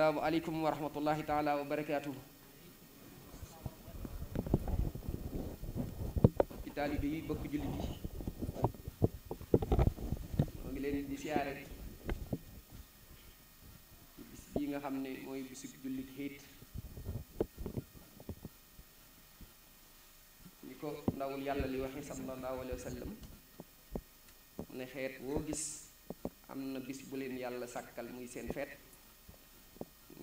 asalaamualeykum wa rahmatullahi taala wa barakaatuhu ci taalibe yi bokk jullit yi moo ngi leen di siyaare nga xam ne mooy bisub jullit xiit ni ko ndawul yàlla li waxe sallallahu alayhi wa mu ne xeet woo gis am na bis bu leen yàlla sàkkal muy seen feet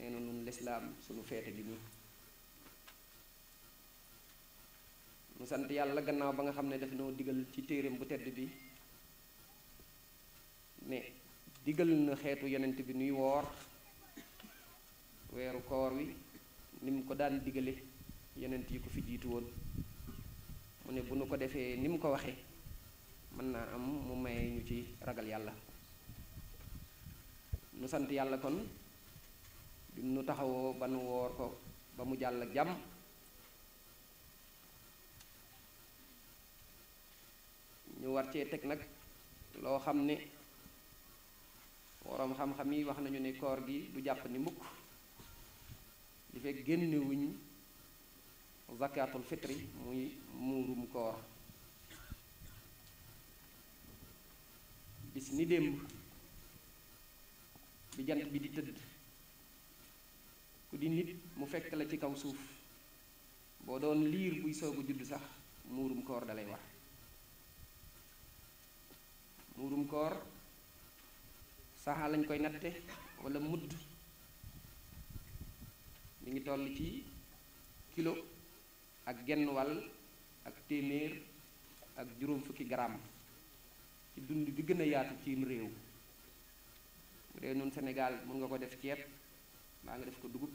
nee na lislaam sunu feete gi nii mu sant yàlla gannaaw ba nga xam ne daf noo digal ci téereem bu tedd bi ne digal na xeetu yonent bi nuy woor weeru koor wi ni mu ko daan digale yonent yi ko fi jiitu woon mu ne bu nu ko defee ni mu ko waxee mën naa am mu may ñu ci ragal yàlla nu sant yàlla kon bi nu taxawoo ba nu woor ko ba mu jàll jàmm ñu war cee teg nag loo xam ne woroom xam-xam yi wax nañu ne koor gi du jàpp ni mukk di fekk génnewuñu zakatul fitri muy muurum koor bis ni démb bi jant bi di tëdd ku di nit mu fekk la ci kaw suuf boo doon liir buy soog a sax muurum koor dalay wax muurum koor saxa lañ koy natte walla mudd mi ngi toll ci kilo ak genn wàll ak téeméer ak juróom fukki garaam ci dund bi gën a yaatu ciim réew bu dee noonu senegal mën nga ko def ceeb maa nga def ko dugub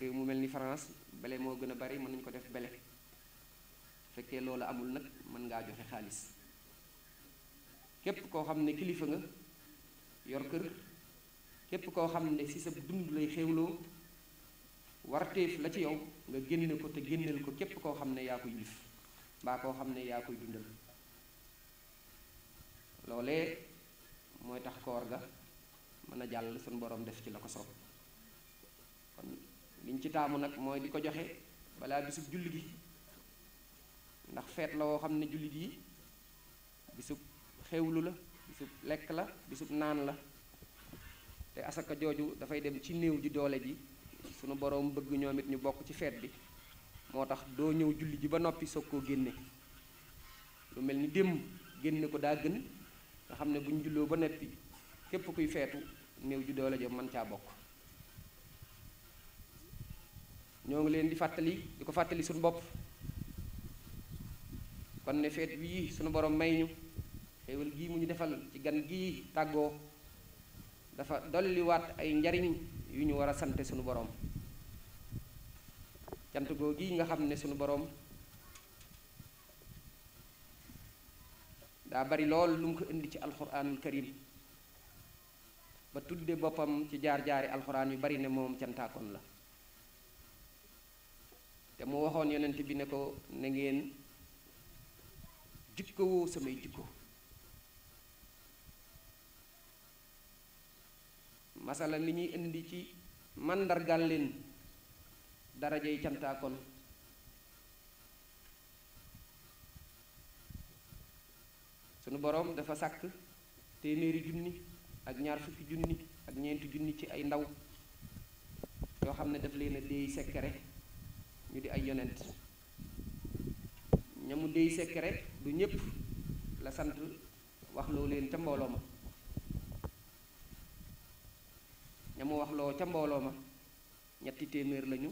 réew mu mel ni France bele moo gën a bari mën nañ ko def bele fekkee loolu amul nag mën ngaa joxe xaalis képp koo xam ne kilifa nga yor kër képp koo xam ne ci sa dund lay xéewloo warteef la ci yow nga génne ko te génneel ko képp koo xam ne yaa ko yilif mbaa koo xam ne yaa koy dundal loolee mooy tax koor ga mën a jàll suñu borom def ci la ko soob kon liñ ci taamu nag mooy di ko joxe balaa bisub julli gi ndax feet la woo xam ne jullit yi bisub xewlu la bisub lekk la bisub naan la te asaka jooju dafay dem ci néew ji doole ji sunu boroom bëgg ñoom it ñu bokk ci feet bi moo tax doo ñëw julli ji ba noppi soog koo génne lu mel ni démb génne ko daa gën nga xam ne bu ñu julloo ba noppi képp kuy feetu néew ju doole ja mën caa bokk ñoo ngi leen di fàttali di ko fàttali suñu bopp kon ne feet wii suñu borom may ñu xéewal gii mu ñu defal ci gan gii tàggoo dafa dolliwaat ay njariñ yu ñu war a sante suñu boroom cant goo gii nga xam ne suñu boroom daa bari lool lu mu ko indi ci alxuraanul karim ba tudde boppam ci jaar-jaari alxuraan yu bari ne moom cantaakoon la te mu waxoon yonent bi ne ko na ngeen jikkowoo samay jikko masala li ñuy indi ci màndargal leen darajay cantaakoon sunu boroom dafa sàkk téeméeri junni ak ñaar fukki junni ak ñeenti junni ci ay ndaw yoo xam ne daf leen a déey sekkere ñu di ay yonent ñamu déey sekkere du ñépp la sant wax loo leen ca mbooloo ma ñamu wax loo ca mbooloo ma ñetti téeméer lañu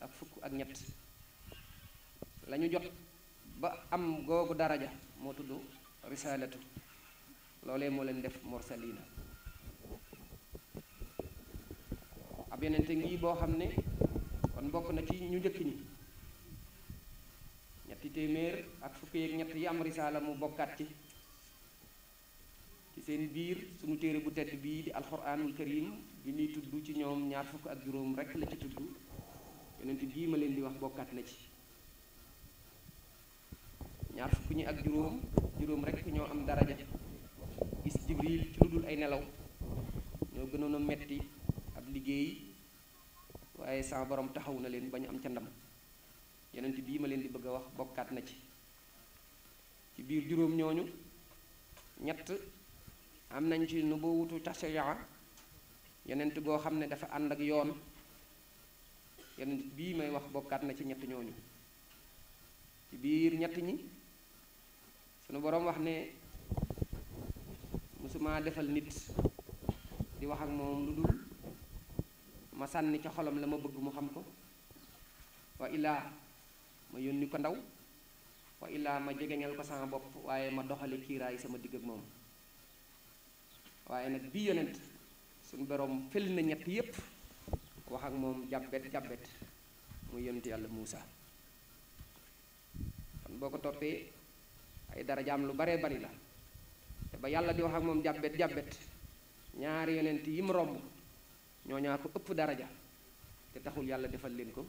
ak fukk ak ñett lañu jox ba am googu daraja moo tudd risaalatu loole moo leen def morsalina ab yonente ngi boo xam ne kon bokk na ci ñu njëkk ñi ñetti téeméer ak fukki ñett yi risaala mu bokkaat ci ci seen biir suñu téere bu tedd bii di alxuraanul karim bi muy tudd ci ñoom ñaar fukk ak juróom rekk la ci tudd yonent bii ma leen di wax bokkaat na ci ñaar fukk ñi ak juróom juróom rekk ñoo am daraja gis jibril ci lu dul ay nelaw ñoo gënoon metti liggéey waaye sama boroom taxaw na leen ba am ca ndam yonent bii ma leen di bëgg a wax bokkaat na ci ci biir juróom ñooñu ñett am nañ ci nu boo wutu tashaya yonent goo xam ne dafa ànd ak yoon yonent bii may wax bokkaat na ci ñett ñooñu ci biir ñett ñi sunu boroom wax ne musuma defal nit di wax ak moom lu dul ma sànni ca xolam la ma bëgg mu xam ko wa illaa ma yónni ko ndaw wa illaa ma jegeñal ko sama bopp waaye ma doxale kiiraay sama digg ak moom waaye nag bii yonent suñu boroom fël na ñett yépp wax ak moom jàbbet jàbbet muy yonent yàlla Muusa kon boo ko toppee ay dara darajaam lu baree bari la te ba yàlla di wax ak moom jàbbet jàbbet ñaari yonent yi mu romb ñoo ñaar ko ëpp daraja te taxul yàlla defal leen ko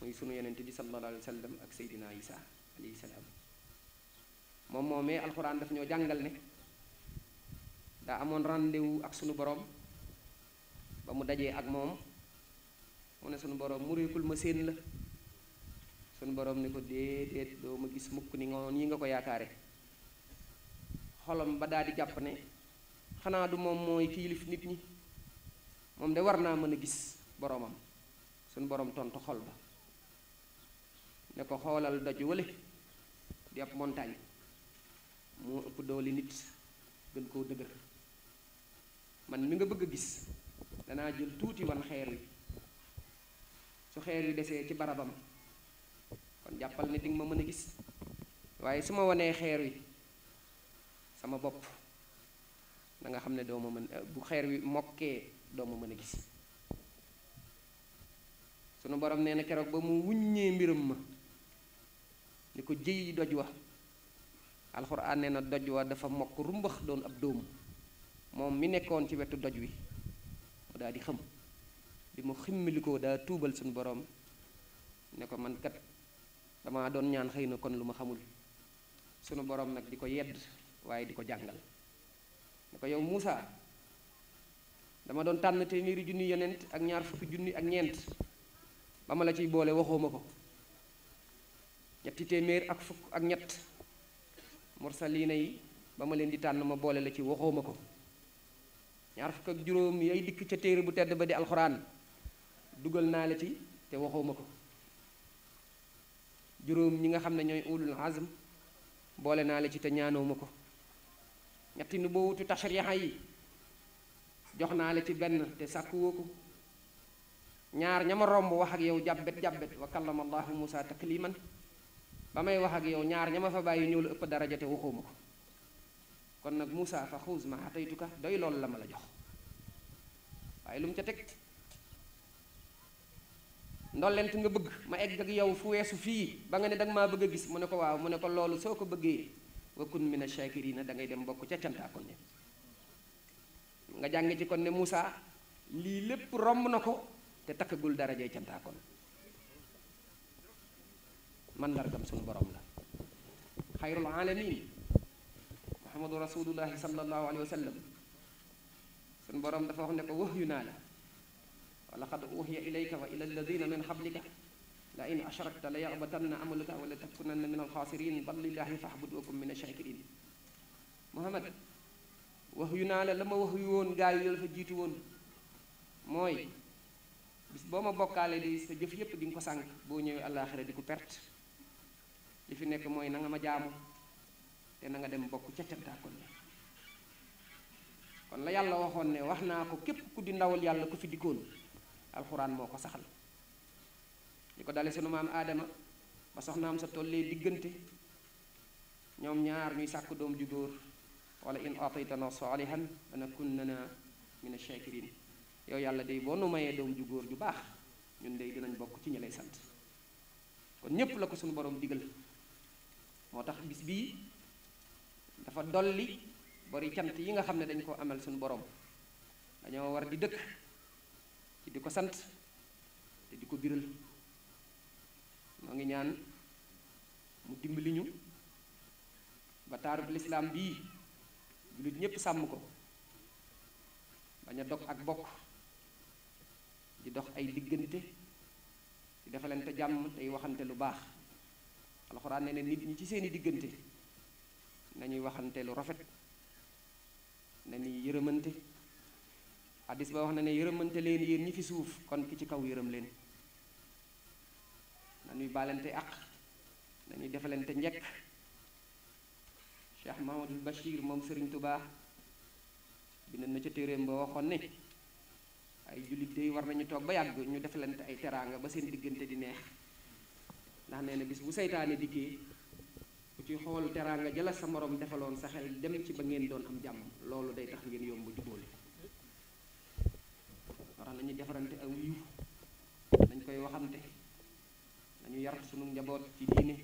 muy sunu yonent bi sallallahu alayhi wa sallam ak seydina isa alayhi salaam moom moomee alxuraan daf ñoo jàngal ne daa amoon rendez ak sunu boroom ba mu dajee ak moom mu ne sunu borom mu réekul ma séen la sunu boroom ni ko déedéet doo ma gis mukk ni nga nga ko yaakaare xolam ba daal di jàpp ne xanaa du moom mooy kiilif nit ñi moom de war naa mën a gis boromam suñ borom tontu xol ba ne ko xoolal daju wale di ab montagne moo ëpp doole nit gën koo dëgër man mi nga bëgg a gis danaa jël tuuti wan xeer wi su xeer wi desee ci barabam kon jàppal ne dinga ma mën a gis waaye su ma wanee xeer wi sama bopp da nga xam ne doo ma mën bu xeer wi mokkee doo ma mën a gis sunu boroom nee na keroog ba mu wuññee mbiram ma ni ko jëyi doj wa alxuraan nee na doj wa dafa mokk rumbax doon ab dóomu moom mi nekkoon ci wetu doj wi mu daal di xam bi mu ximmilikoo daa tuubal suñu boroom ne ko mankat dama doon ñaan xëy na kon lu ma xamul sunu boroom nag di ko yedd waaye di ko jàngal ne ko yow Moussa dama doon tànn téeméeri junni yonent ak ñaar fukki junni ak ñeent ba ma la ciy boole waxooma ko ñetti téeméer ak fukk ak ñett mursaliina yi ba ma leen di tànn ma boole la ci waxooma ko ñaar fukk ak juróom yay dikk ca téere bu tedd ba di alxuraan dugal naa la ci te waxooma ko juróom ñi nga xam ne ñooy ulul azm boole naa la ci te ñaanooma ko ñetti nu boo wutu tashriha yi jox naa la ci benn te sàkku woo ko ñaar ña ma romb wax ak yow jàbbet jàbbet wa kallama allahu musa takliman ba may wax ak yow ñaar ña ma fa bàyyi ñëw la ëpp daraja te waxuma ko kon nag musa fa xuus ma ataytuka doy loolu la ma la jox waaye lu mu ca teg ndollent nga bëgg ma egg ak yow fu weesu fii ba nga ne danga maa bëgg a gis mu ne ko waaw mu ne ko loolu soo ko bëggee wa kun mina shakirina da ngay dem bokk ca cantaakoon ne nga jàng ci kon ne Moussa lii lépp romb na ko te takkagul dara jay cantaakoon man largam suñu borom la xayrul alamin muhammadu rasulullahi sallallahu alayhi wa sallam suñu borom dafa wax ne ko wahyu naa la wa laqad uhiya ilayka wa ila alladina min qablika la in ashrakta la yaxbatanna amaluka wala takunanna min alxaasirin bal lillahi fahbud wa kun min alshakirin muhammad wax yu naa la la ma wax yu woon gaa yi la fa jiitu woon mooy bis boo ma bokkaale di sa jëf yépp di nga ko sànq boo ñëwee àllaaxira di ko perte li fi nekk mooy nanga ma jaamu te na nga dem bokk ca cantaakon kon la waxoon ne wax naa ko képp ku di ndawal yàlla ku fi dikkoon alxuraan moo ko saxal li ko dale sunu maam aadama ba soxnaam sa tollee diggante ñoom ñaar ñuy sàkk doom ju góor wala in ataytana saalihan lanakunanna mina shakirin yow yàlla day boo nu mayee doom ju góor ju baax ñun day dinañ bokk ci ñu lay sant kon ñépp la ko suñu borom digal moo tax bis bii dafa dolli bari cant yi nga xam ne dañ koo amal suñu borom dañoo war di dëkk ci di ko sant te di ko biral moo ngi ñaan mu dimbali ñu ba taarub lislaam bii jullit ñépp sàmm ko bañ a dog ak bokk di dox ay diggante di defalante jàmm tey waxante lu baax alxuraan ne ne nit ñi ci seeni diggante nañuy waxante lu rafet nañuy yërëmante hadis ba wax na ne yërëmante leen yéen ñi fi suuf kon ki ci kaw yërëm leen nañuy balante àq nañuy defalante njekk cheikh mahamadul bachir moom sëriñ baax bind na ca téeréem ba waxoon ne ay jullit day war nañu toog ba yàgg ñu defalante ay teraanga ba seen diggante di neex ndax nee na bis bu seytaane dikkee ku ci xool teraanga jala sa moroom defaloon sa xel dem ci ba ngeen doon am jàmm loolu day tax ngeen yomb jubóole war nañu defarante ak yiw nañ koy waxante nañu yar sunu njaboot ci diine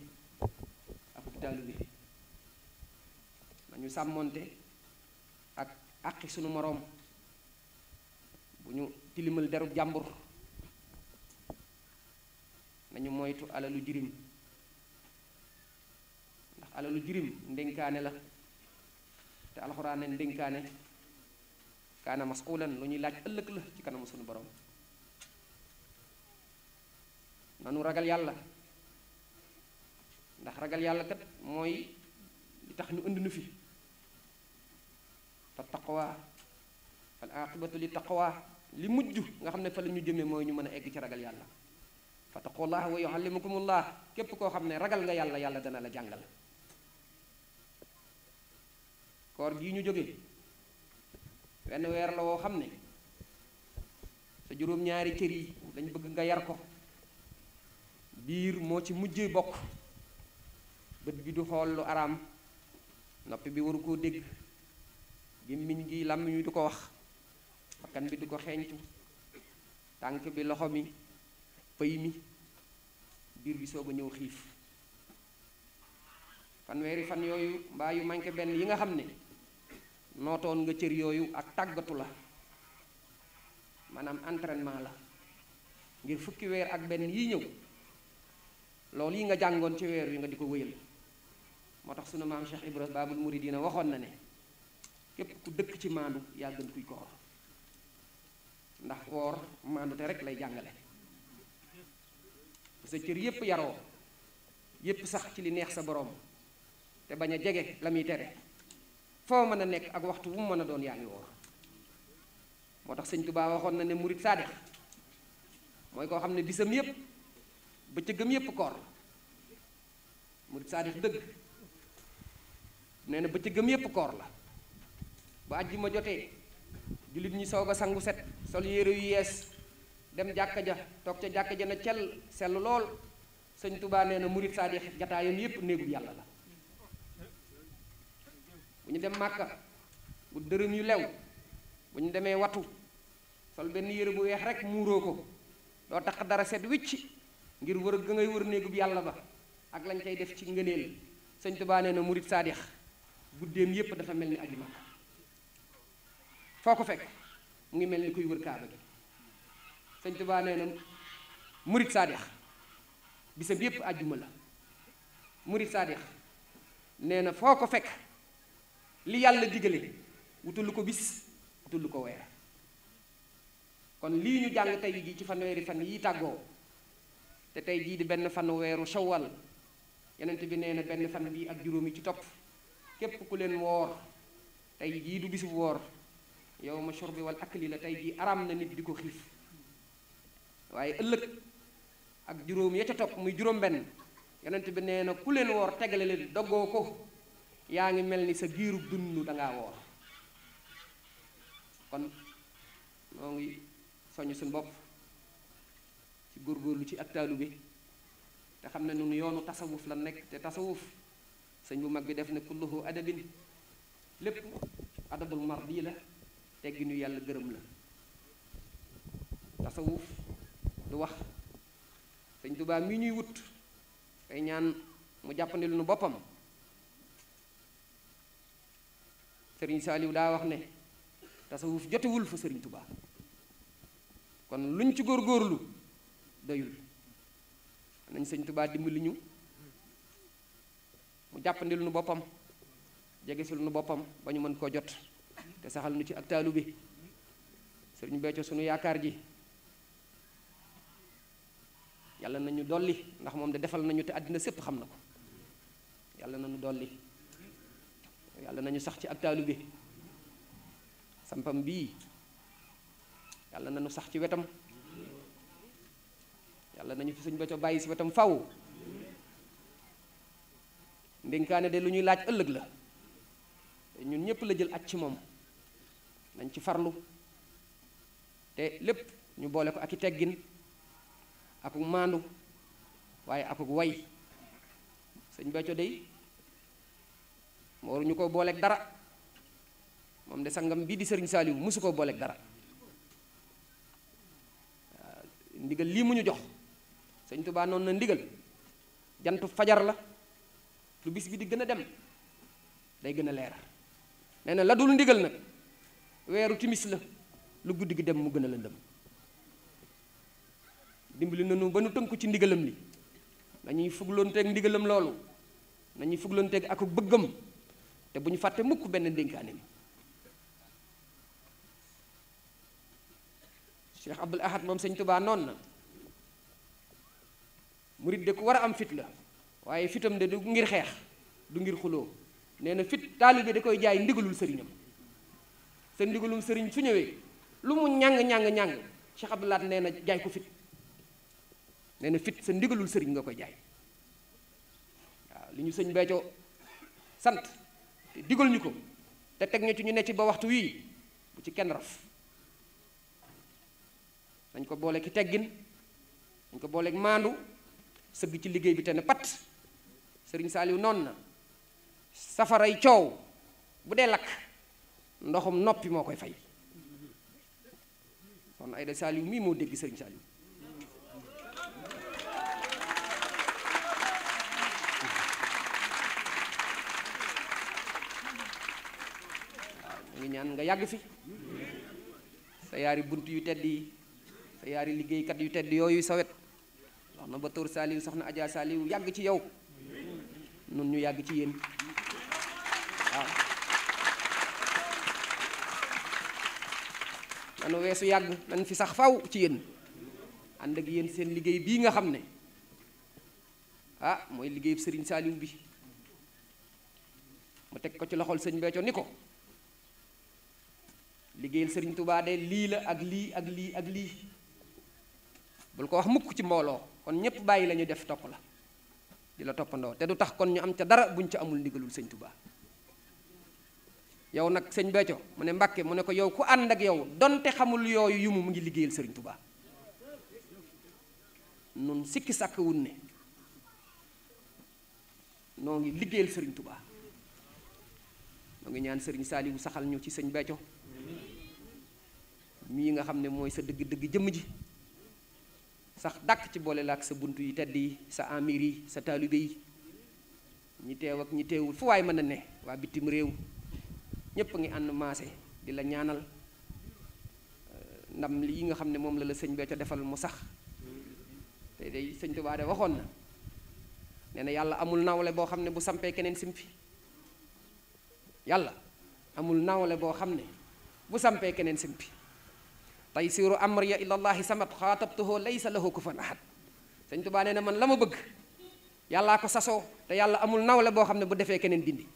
ak taalibe ñu sàmmoonte ak àqi sunu moroom bu ñu tilimal derub jàmbur nañu moytu alalu jirim ndax alalu jirim ndénkaane la te alxuraan ne ndénkaane kaana masqulan lu ñuy laaj ëllëg la ci kanamu sunu borom nanu ragal yàlla ndax ragal yàlla kat mooy li tax ñu indi nu fi fa taqwa fal aqibatu li taqwa li mujj nga xam ne fa la ñu jëmee mooy ñu mën a egg ci ragal yàlla fa taqullah wa yuallimukumullah képp koo xam ne ragal nga yàlla yàlla dana la jàngal koor gii ñu jóge wenn weer la woo xam ne sa juróom-ñaari cër yi dañ bëgg nga yar ko biir moo ci mujjee bokk bët bi du xool lu araam noppi bi waru koo dégg gémmiñ gi làmmiñ wi du ko wax bakkan bi du ko xeeñtu tànk bi loxo mi pëy mi biir bi soog a ñëw xiif fanweeri fan yooyu mbaa yu manqué benn yi nga xam ne nootoon nga cër yooyu ak tàggatu la maanaam entraînement la ngir fukki weer ak benn yi ñëw loolu yi nga jàngoon ci weer wi nga di ko wéyal moo tax sunu maam Cheikh Ibrahima Babul Muridina waxoon na ne képp ku dëkk ci maandu yaa gën kuy koor ndax woor maandu te lay jàngale sa cër yépp yaroo yépp sax ci li neex sa boroom te bañ a jege la muy tere foo mën a nekk ak waxtu wu mu mën a doon yaa ngi woor moo tax sëñ Tuubaa waxoon na ne murit saadix mooy koo xam ne bisam yépp bëccëgam yépp koor la murit saadix dëgg nee na bëccëgam yépp koor la ba ma jotee jullit ñi soog a sangu set sol yére yu yees dem jàkka ja toog ca jàkka ja na cel sell lool sëñ Touba na murit saadix jataayam yépp néegub yàlla la ñu dem màkka bu dërëm yu lew bu demee watu sol benn yére bu weex rek muuroo ko doo tax dara set wicc ngir wër ga ngay wër néegub yàlla ba ak lañ cay def ci ngëneel sëñ Touba nee na murit saadix guddeem yépp dafa mel ni aji foo ko fekk mu ngi mel ni kuy wër kaaba gi sëñ Tuba nee na murit saadex bisam yépp àjjuma la murit saadex nee na foo ko fekk li yàlla digale wutul ko bis wutul ko weer kon lii ñu jàng tey jii ci fanweeri fan yi tàggoo te tey jii di benn fan weeru shawal yenent bi nee na benn fan bii ak juróom juróomi ci topp képp ku leen woor tey jii du bisu woor yow ma shurbi wal lii la tey jii araam na nit di ko xiif waaye ëllëg ak juróom ya muy juróom-benn yonent bi nee na ku leen woor tegale leen doggoo ko yaa ngi mel ni sa giiru dund dangaa woor kon noo ngi soññ suñu bopp ci góorlu ci ak bi te xam ne nun yoonu tasawuf la nekk te tasawuf sëñ bu mag bi def ne kulluhu adabin lépp adabul mardi la teggi nu yàlla gërëm la tasawuf du wax sëñ Tuubaa mi ñuy wut ay ñaan mu jàppandi lu nu boppam sëriñ Saaliw daa wax ne tasawuf jotewul fa sëriñ Tuubaa kon luñ ci góor góorlu doyul nañ sëñ Tuubaa dimbali ñu mu jàppandi lu nu boppam jege si lu boppam ba ñu mën koo jot te saxal nu ci ak taalu bi sëriñ Béthio suñu yaakaar ji yàlla nañu dolli ndax moom de defal nañu te àddina sépp xam na ko yàlla nañu dolli yàlla nañu sax ci ak taalu bi sampam bii yàlla na nañu sax ci wetam yàlla nañu fi sëñ Béthio bàyyi si wetam faw ndénkaane de lu ñuy laaj ëllëg la ñun ñëpp la jël at ci moom dañ ci farlu te lépp ñu boole ko ak i teggin akuk maandu waaye akuk way sëñ Béthio dey moo ñu ko booleeg dara moom de sangam bii di sëriñ Saaliw mosu koo booleeg dara ndigal lii mu ñu jox sëñ Tuubaa noonu na ndigal jantu fajar la lu bis bi di gën a dem day gën a leer nee na la dul ndigal nag weeru timis la lu guddi gi dem mu gën a lëndëm dimbali nanu ba nu tënku ci ndigalam li nañuy fugloonteeg ndigalam loolu nañuy fugloonteeg ak bëggam te bu ñu fàtte mukk benn ndénkaaneem Cheikh Abdul Ahad moom sëñ Tubaa noon na murit de ku war a am fit la waaye fitam de du ngir xeex du ngir xuloo nee na fit taalibe da koy jaay ndigalul sëriñam te ndigalum sëriñ su ñëwee lu mu ñàng ñàng ñàng ci Abdou Lahad nee na jaay ko fit nee na fit sa ndigalul sëriñ nga koy jaay waaw li ñu sëñ Béthio sant te digal ñu ko te teg ñu ñu ne ci ba waxtu wii bu ci kenn raf dañ ko boole ki teggin dañ ko boole booleeg maandu sëgg ci liggéey bi te ne pat sëriñ Saaliw noonu na safaray coow bu dee lakk ndoxum noppi moo koy fay kon Aïda Saliou mii moo dégg sëriñ Saliou ngi ñaan nga yàgg fi sa yaari bunt yu tedd yi sa yaari liggéeykat yu tedd yooyu sawet wet wax na ba tóor Saliou soxna Adja Saliou yàgg ci yow nun ñu yàgg ci yéen nanu weesu yàgg nañ fi sax faw ci yéen ànd ak yéen seen liggéey bii nga xam ne ah mooy liggéeyub sëriñ Saaliw bi mu teg ko ci loxol sëñ Béthio ni ko liggéeyal sëriñ Touba de lii la ak lii ak lii ak lii bul ko wax mukk ci mbooloo kon ñépp bàyyi lañu def topp la di la toppandoo te du tax kon ñu am ca dara buñ ca amul ndigalul sëñ Touba yow nag sëñ Béthio mu ne Mbàkke mu ne ko yow ku ànd ak yow donte xamul yooyu yu mu mu ngi liggéeyal sëriñ Touba nun sikki sàkk wun ne noo ngi liggéeyal sëriñ Touba noo ngi ñaan sëriñ Saaliwu saxal ñu ci sëñ Béthio mii nga xam ne mooy sa dëgg-dëgg jëmm ji sax dàkk ci boole la ak sa bunt yi tedd yi sa amir yi sa taalibe yi ñi teew ak ñi teewul fu waay mën na ne waa bitim réew ñépp a ngi ànd maase di la ñaanal euh, ndam lii nga xam ne moom la la sëñ ca defal mu sax te day sëñ Tuubaa de waxoon na ne na yàlla amul nawle boo xam ne bu sampee keneen simpi yàlla amul nawle boo xam ne bu sampee keneen simpi taysiru amriya ilallahi samat xaatabtuhu laysa lahu kufan ahad sëñ Tuubaa nee na man la ma bëgg yàllaa ko sasoo te yàlla amul nawle boo xam ne bu defee keneen dindi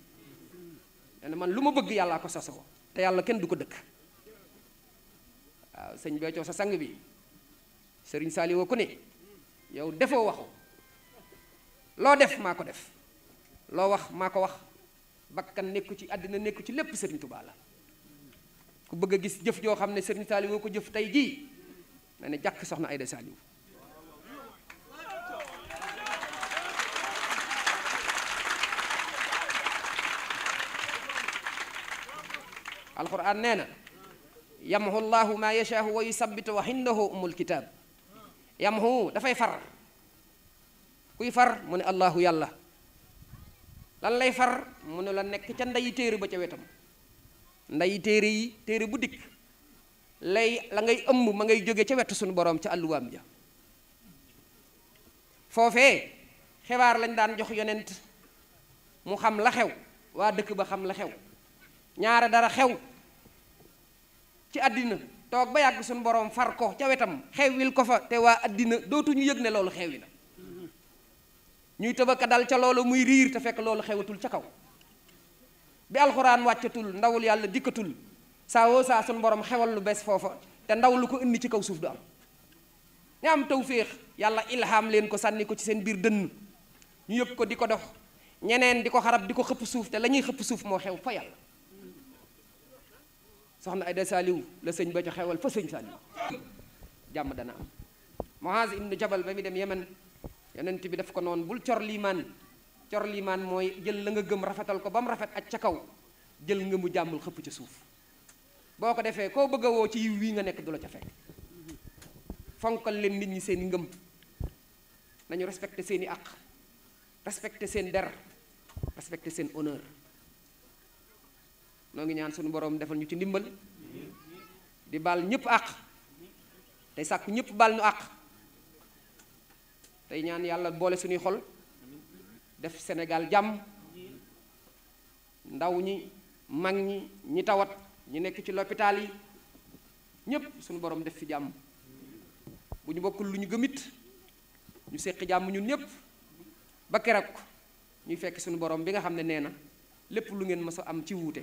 ne man lu ma bëgg yàllaa ko sasoo te yàlla kenn du ko dëkk waaw sëñ Béthio sa sang bi sëriñ Saliou ko ne yow defoo waxu loo def maa ko def loo wax maa ko wax bakkan nekku ci àddina nekku ci lépp sëriñ Touba la ku bëgg a gis jëf joo xam ne sëriñ Saliou ko jëf tey jii na ne jàkk soxna Aïda Saliou alquran nee na yamhu llahu maa yashaahu wa yusabitu wa hindahu umul kitaab yamhu dafay far kuy far mu ne allahu yàlla lan lay far mu ne la nekk ca ndeyi téere ba ca wetam ndeyi téere yi téere bu dikk lay la ngay ëmb ma ngay jóge ca wetu suñu boroom ca àlluwaam ja foofee xibaar lañ daan jox yonent mu xam la xew waa dëkk ba xam la xew ñaare dara xew ci àddina toog ba yàgg suñu borom far ko ca wetam xewwil ko fa te waa àddina dootuñu yëg ne loolu xewwi na ñuy tëbaka dal ca loolu muy riir te fekk loolu xewatul ca kaw bi alxuraan wàccatul ndawul yàlla dikkatul saa woo saa suñu boroom xewal lu bees foofa te ndaw lu ko indi ci kaw suuf du am ña am tawféex yàlla ilham leen ko sànni ko ci seen biir dënn ñu yëpp ko di ko dox ñeneen di ko xarab di ko xëpp suuf te la ñuy xëpp suuf moo xew fa soxna Ayda Saaliw la sëñ ba ca xewal fa sëñ Saaliw jàmm dana am Muaz ibnu Jabal ba mu dem yeman yonent bi daf ko noonu bul cor liimaan cor liimaan mooy jël la nga gëm rafetal ko ba mu rafet ak ca kaw jël nga mu jàmmul xëpp ca suuf boo ko defee koo bëgg a woo ci yiw wii nga nekk du la ca fekk fonkal leen nit ñi seen i ngëm nañu respecté seen i àq respecté seen der respecté seen honneur noo ngi ñaan suñu borom defal ñu ci ndimbal di baal ñëpp àq tey sàkku ñépp baal ñu àq tey ñaan yàlla boole suñuy xol def Sénégal jàmm ndaw ñi mag ñi ñi tawat ñi nekk ci lopitaal yi ñëpp suñu boroom def fi jàmm bu ñu bokkul lu ñu gëmit ñu séqi jàmm ñun ñëpp ba keroog ñuy fekk sunu borom bi nga xam ne nee na lépp lu ngeen mës a am ci wuute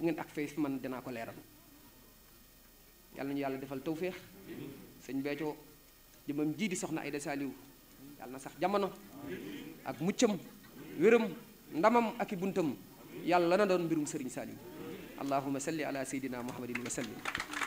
bu ngeen ak fay fi man dinaa ko leeral yàlla nañu yàlla defal tawféex sëñ Béthio jëmam jii di soxna Aïda Saliou yàlla na sax jamono ak muccam wéram ndamam ak i buntam yàlla na doon mbirum sëriñ Saliou allahuma salli ala seydina muhammadin wa sallim